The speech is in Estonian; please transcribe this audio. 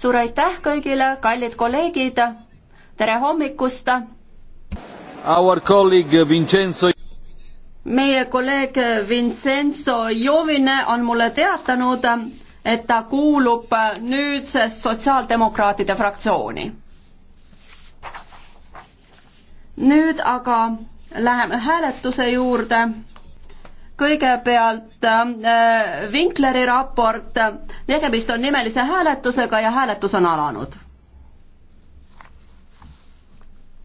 suur aitäh kõigile, kallid kolleegid, tere hommikust! Vincenzo... meie kolleeg Vincenzo Jovine on mulle teatanud, et ta kuulub nüüdsest Sotsiaaldemokraatide fraktsiooni. nüüd aga läheme hääletuse juurde kõigepealt äh, Winkleri raport, tegemist on nimelise hääletusega ja hääletus on alanud